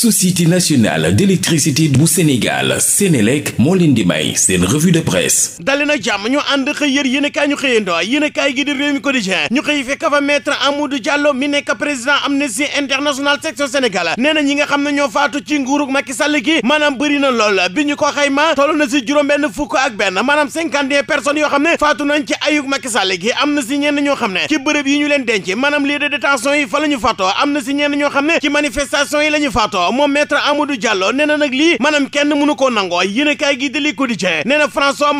société nationale d'électricité bu Sénégal Sénélec moo leen di may seen revue de presse dali jàmm ñu ànd xëy yër yéen a ñu xëyandoo yéen a kaay gi di réew mi quotidien ñu xëy fekk fa maître Amadou Diallo mi nekk président Amnesty International section Sénégal nee na ñi nga xam ne ñoo faatu ci nguurug Macky Sall gi maanaam bëri na lool bi ñu ko xayma toll na si juróom benn fukk ak benn maanaam cinquante et yoo xam ne faatu nañ ci ñoo xam ne ci leen denc maanaam lieu de détention na si ñoo xam ne ci manifestation yi la ñu faatoo waaw moom maître Amadou Diallo nee na nag lii maanaam kenn mënu koo nangoo yéen a kaay gi di li quotidien nee na François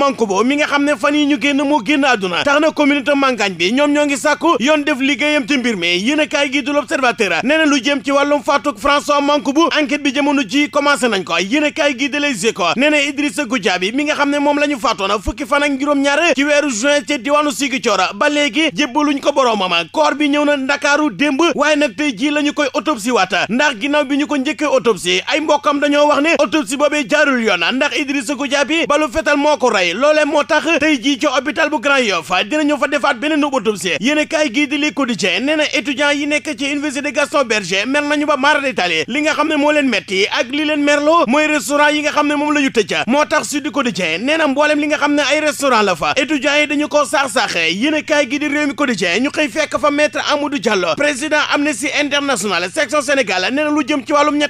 mi nga xam ne fan yi ñu génn moo génn àdduna tax na communauté Mangagne bi ñoom ñoo ngi sàkku def liggéeyam ci mbir mi yéen a kaay gi di l'observateur na lu jëm ci wàllum faatuk François Mankobo enquête bi jamono ji commencé nañ ko yéen a kaay gi di les échos nee na Idrissa mi nga xam ne moom la faatoona fukki fan ak ko boroomam corps bi njëkk autopsie ay mbokkam dañoo wax ne autopsie boobee jaarul yoon ndax Idrissa Goudiaby balu fetal moo ko rey loolee moo tax tey jii ci hôpital bu Grand Yoff dinañu fa defaat beneen autopsie yéen kaay gii di Le Quotidien nee na étudiant yi nekk ci université Gaston Berger mer nañu ba mara détaillé li nga xam ne moo leen metti ak li mooy restaurant yi nga xam ne moom la ñu tëj moo tax Sud Quotidien nee na mboolem li nga xam ne ay restaurant la fa étudiant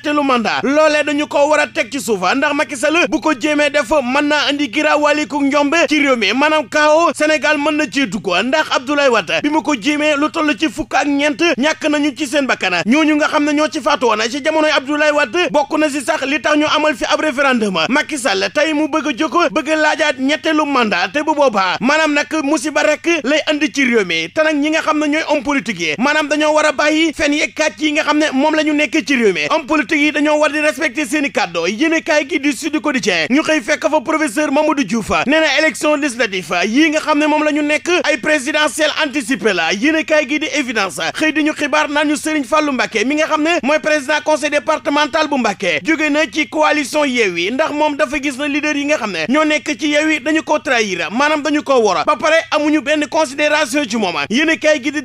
ñetteelu mandat loolee dañu ko war a teg ci suufa ndax Macky Sall bu ko jéemee def mën naa andi giraawaaliku njombe ci réew mi maanaam kaaw Sénégal mën na ci dugg ndax Abdoulaye Wade bi mu ko jéemee lu toll ci fukk ak ñeent ñàkk nañu ci seen bakkana ñooñu nga xam ne ñoo ci faatu woon ci jamonoy Abdoulaye Wade bokk na si sax li tax ñu amal fi ab référendum Macky Sall tey mu bëgg a jóg bëgg laajaat ñetteelu mandat te bu boobaa maanaam nag musiba rek lay andi ci réew mi te nag ñi nga xam ne ñooy homme politique yi maanaam dañoo war a bàyyi fen yeeg yi nga xam ne moom la ñu nekk ci réew mi politique yi dañoo war di respecter seen i kàddu yéenekaay gi di Sud Quotidien ñu xëy fekk fa professeur Mamadou Diouf nee na élection législative yii nga xam ne moom la ñu nekk ay présidentielle anticipée la yéenekaay gi di évidence xëy di ñu xibaar naan ñu Serigne Fallou Mbacké mi nga xam ne mooy président conseil départemental bu Mbacké jóge na ci coalition Yewwi ndax moom dafa gis na leader yi nga xam ne ñoo nekk ci Yewwi dañu ko trahir maanaam dañu ko wora ba pare amuñu benn considération ci moom yéenekaay gi di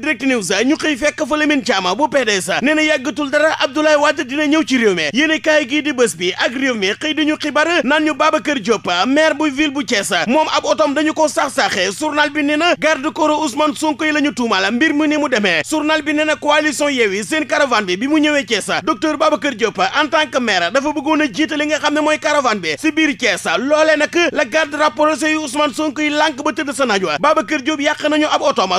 ci réew mi yéen kaay gii di bés bi ak réew mi xëy dañu xibaar naan ñu Babacar Diop maire bu ville bu Thiès moom ab otom dañu ko sax-saaxe journal bi nee na garde corps Ousmane Sonko yi la ñu tuumaal mbir mu ni mu demee journal bi ne na coalition Yewwi seen caravane bi bi mu ñëwee Thiès docteur Babacar Diop en tant que maire dafa bëggoon a jiite li nga xam ne mooy caravane bi si biir loole loolee nag la garde rapprochée yu Ousmane Sonko yi lànk ba tëdd sa naaj wa Babacar Diop yàq nañu ab otom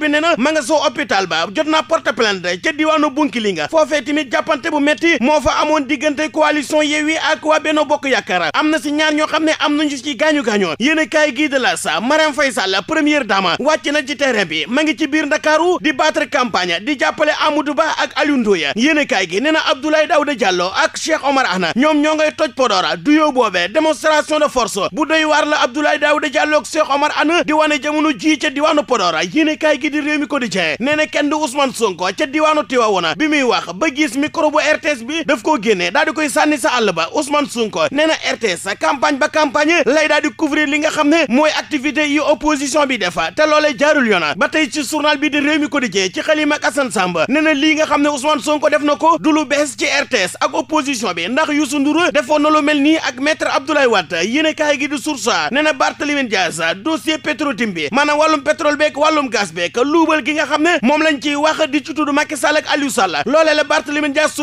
bi nee na ma nga soo hôpital ba jot naa porte plainte ca diwaanu Bunkilinga foofee tamit jàppante bu metti moo fa amoon diggante coalition Yewwi ak wa Benno Bokk Yaakaar am na si ñaar ñoo xam ne am nañu ci gaañu gaañoon yéen kaay gii de la sa Marème Faye Sall première dama wàcc na ci terrain bi ma ngi ci biir Ndakaaru di battre campagne di jàppale Amadou Ba ak alundu Ndoye yéen kaay gi nee na Abdoulaye Daouda Diallo ak Cheikh Omar Anna ñoom ñoo ngay toj Podor du yow boobee démonstration de force bu doy waar la Abdoulaye Daouda Diallo ak Cheikh Omar Anna di wane jamono ji ca diwaanu Podor yéen kaay gi di Rewmi Quotidien nee na kenn du Ousmane Sonko ca diwaanu Tivaouane bi muy wax ba gis micro bu bi daf koo génnee daal di koy sànni sa àll ba Ousmane Sonko nee na RTS campagne ba campagne lay daal di li nga xam ne mooy activité yi opposition bi defa te loolee jaarul yoon ba tey ci journal bi di Rewmi Quotidien ci xalima ak Assane Samba nee na lii nga xam ne Ousmane Sonko def na ko du lu bees ci RTS ak opposition bi ndax Youssou Ndour defoon na lu mel nii ak maître Abdoulaye Wade yéene kaay gi di Source A nee na Barthélémy Dias dossier Petro-Tim bi maanaam wàllum pétrole beeg wàllum gaz beeg luubal gi nga xam ne moom lañ ciy wax di ci tudd Macky Sall ak Aliou Sall loolee la Barthélémy Dias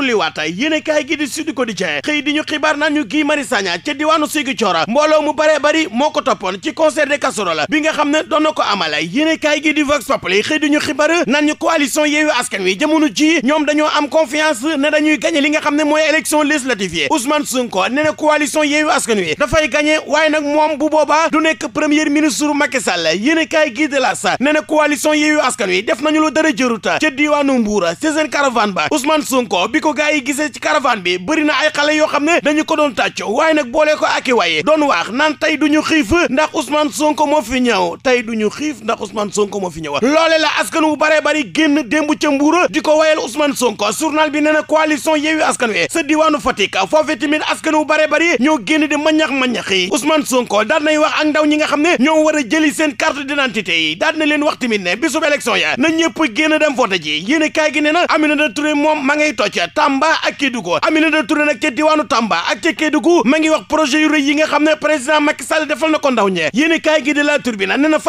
yéene kaay gi di Sud Quotidien xëy di ñu xibaar naan ñu Guy Marius Sagna ca diwaanu Ziguinchor mbooloo mu baree bari moo ko toppoon ci concert de casserole bi nga xam ne doon na ko amal yéene kaay gi di Vox Populi xëy di ñu xibaar naan ñu coalition Yewwi Askan Wi jamono ji ñoom dañoo am confiance ne dañuy gagné li nga xam ne mooy élection législative yi Ousmane Sonko nee na coalition Yewwi Askan Wi dafay gagné waaye nag moom bu boobaa du nekk premier ministre Macky Sall yéene kaay gi de la sa nee na coalition Yewwi Askan Wi def nañu lu dara jëruta ca diwaanu Mbuur ci seen caravane ba Ousmane Sonko bi ko gaay yi gisee ci caravane bi bëri na ay xale yoo xam ne dañu ko doon tàcc waaye nag boolee ko ak i waaye doon waax naan tey duñu xiif ndax Ousmane Sonko moo fi ñëw tey duñu xiif ndax Ousmane Sonko moo fi ñëw loole la askan wu bare bari génn démb ca di ko wayal Ousmane Sonko journal bi nee na coalition Yewwi Askan Wi sa diwaanu Fatick foofee tamit askan wu baree bari ñoo génn di mañax-mañax yi Ousmane Sonko daan nay wax ak ndaw ñi nga xam ne ñoo war a jëli seen carte d'identité yi daan na leen wax tamit ne bisub élection ya na dem vote ji yéen kaay gi nee na Aminata Touré moom ma ngay ak Kédougou Aminata Touré nag ca diwaanu Tamba ak ca Kédougou ma ngi wax projet yu yi nga xam ne président Macky defal na ko ndaw ñe yéen kaay gi de la Tribune nee na na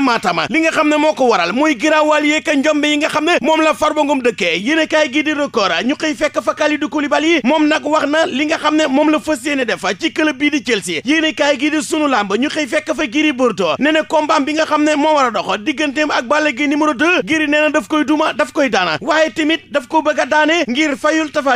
maatama li nga xam ne moo ko waral mooy giraawaal yeeka njombe yi nga xam ne moom la Farba Ngom dëkkee yéen kaay gi di record ñu xëy fekk fa Kalidou Koulibaly moom nag wax na li nga xam ne moom la fas yéene def ci club bii di Chelsea yéen kaay gi di sunu làmb ñu xëy fekk fa Gris Bordeaux nee na combat bi nga a a